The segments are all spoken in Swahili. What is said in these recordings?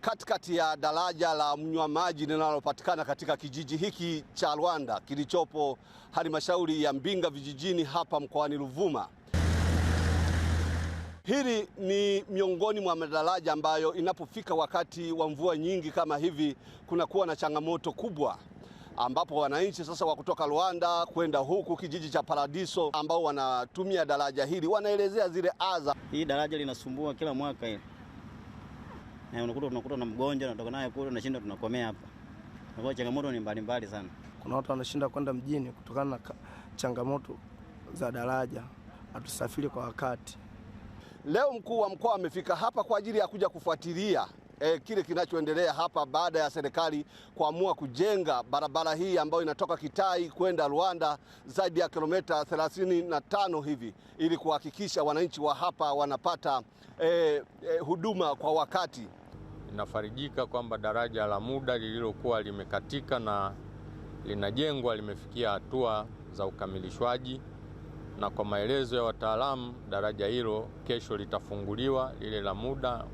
katikati ya daraja la mnywa maji linalopatikana katika kijiji hiki cha Rwanda kilichopo halmashauri ya Mbinga vijijini hapa mkoani Ruvuma. Hili ni miongoni mwa madaraja ambayo inapofika wakati wa mvua nyingi kama hivi kunakuwa na changamoto kubwa ambapo wananchi sasa wa kutoka Rwanda kwenda huku kijiji cha Paradiso ambao wanatumia daraja hili wanaelezea zile adha. Hii daraja linasumbua kila mwaka hii na unakuta unakuta na mgonjwa unatoka naye kule unashinda tunakomea hapa. Kwa changamoto ni mbalimbali sana. Kuna watu wanashinda kwenda mjini kutokana na changamoto za daraja, hatusafiri kwa wakati. Leo mkuu wa mkoa amefika hapa kwa ajili ya kuja kufuatilia eh, kile kinachoendelea hapa baada ya serikali kuamua kujenga barabara hii ambayo inatoka Kitai kwenda Rwanda zaidi ya kilomita 35 hivi ili kuhakikisha wananchi wa hapa wanapata eh, eh, huduma kwa wakati. Inafarijika kwamba daraja la muda lililokuwa limekatika na linajengwa limefikia hatua za ukamilishwaji na kwa maelezo ya wataalamu, daraja hilo kesho litafunguliwa lile la muda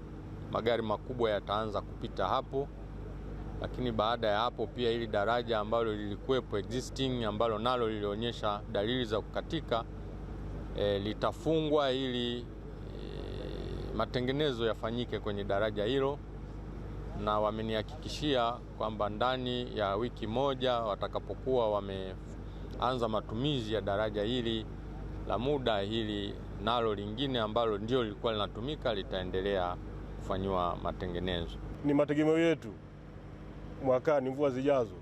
magari makubwa yataanza kupita hapo, lakini baada ya hapo pia ili daraja ambalo lilikuwepo existing ambalo nalo lilionyesha dalili za kukatika e, litafungwa ili e, matengenezo yafanyike kwenye daraja hilo, na wamenihakikishia kwamba ndani ya wiki moja watakapokuwa wameanza matumizi ya daraja hili la muda, hili nalo lingine ambalo ndio lilikuwa linatumika litaendelea kufanyiwa matengenezo. Ni mategemeo yetu mwakani, mvua zijazo,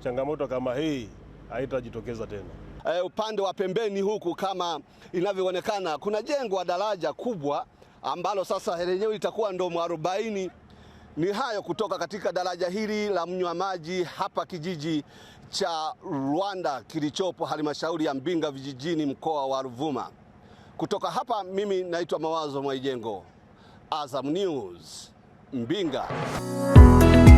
changamoto kama hii haitajitokeza tena. E, upande wa pembeni huku kama inavyoonekana kuna jengwa daraja kubwa ambalo sasa lenyewe litakuwa ndo mwarobaini. Ni hayo kutoka katika daraja hili la mnywa maji hapa kijiji cha Rwanda kilichopo halmashauri ya Mbinga vijijini mkoa wa Ruvuma. Kutoka hapa mimi naitwa Mawazo Mwaijengo. Azam News Mbinga.